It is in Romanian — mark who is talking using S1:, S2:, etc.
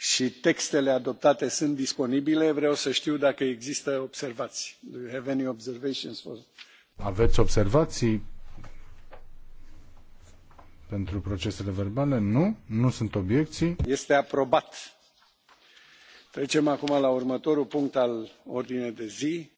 S1: și textele adoptate sunt disponibile. Vreau să știu dacă există observații. Do you have any observations for...
S2: Aveți observații pentru procesele verbale? Nu, nu sunt obiecții.
S1: Este aprobat. Trecem acum la următorul punct al
S3: ordinii de zi